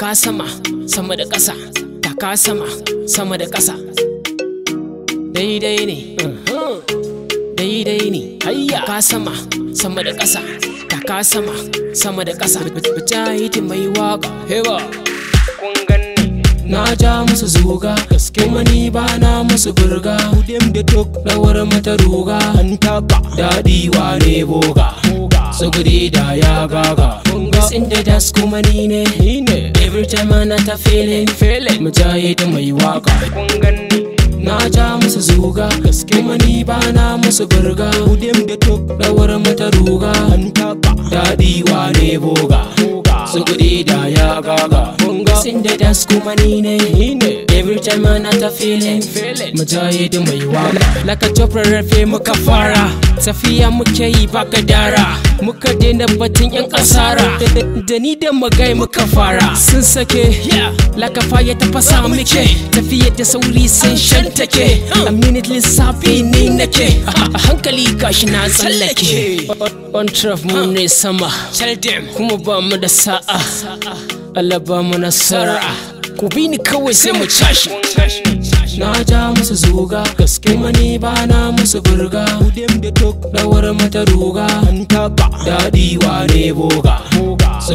taka sama sama da ƙasa taka sama sama da ƙasa daidai ne uh-huh. daidai ne hayya ka sama sama da ƙasa taka sama sama da ƙasa fita yi mai waka hewa kun ganni na ja musu zuga kuma ni ba na musu burga dem da tok lawar mata ruga an taba daɗi wa ne boga sugudi da ya gaga sun da das kuma ni ne Every time ana ta feeling feeling Mujahid mai waka Na ja musu zuga Kuma ni ba na musu burga Udem da tok dawar mata ruga Daɗi wa ne boga Su kuɗi da ya gaga Sun da das kuma ni ne Every time ana ta yi da mai waka laka jofar rafe muka fara tafiya muke yi ba mu muka daina batun yan kasara da ni da magai muka fara sun sake laka faya ta fasa muke tafiya da sauri sun shantake a minute lissafi ni nake a hankali gashi na tsallake on traf mu ne sama kuma ba mu da sa'a Allah mu nasara ku bi ni kawai sai mu tashi na ja musu zuga gaske mani ba na musu burga Lawar mata ruga daɗi wa ne boga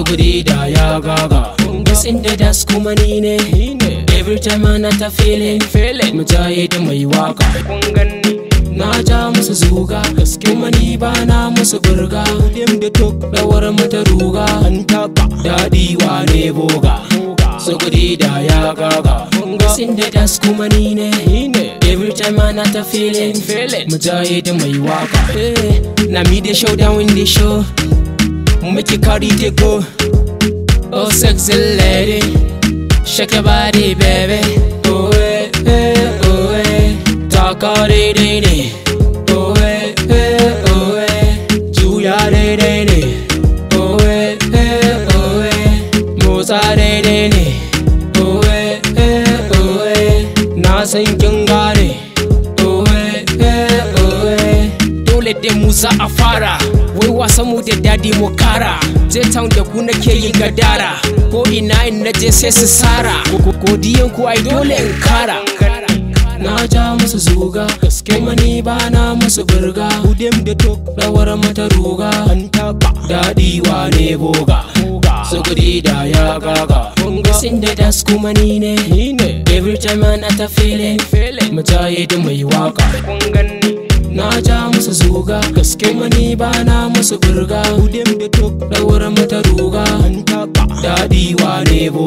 gudi da ya gaga gasin da das kuma ni ne every time na ta feeling mu jaye da mai waka na ja musu zuga gaske mani ba na musu burga Lawar mata ruga daɗi wa ne boga so kuɗi ya gaga Sun da das kuma Every time I not a feeling Mujahid mai waka Na may the show down in the show Make you carry the go Oh sexy lady Shake your body baby Oh eh eh oh eh Taka dee dee dee Oh eh eh oh eh Juya dee dee dee Oh eh eh oh eh Moza dee ne owe eh, owe na san kin gane owe eh, owe dole dai mu a fara wai wasa mu da dadi mu kara je town da ku nake yin gadara ko ina in je sai su sara godiyan ku ai dole in kara na ja musu zuga kuma ni ba na musu burga udem da tok dawar mata ruga an ba dadi wane boga sukuri da ya gaga Sitting there that's kuma ni ne Every time waƙa, not a feeling Mujahidin mai waka Na ja musu zuga gaske mani ba na musu burga Dauran mata ruga Daɗi wa nebo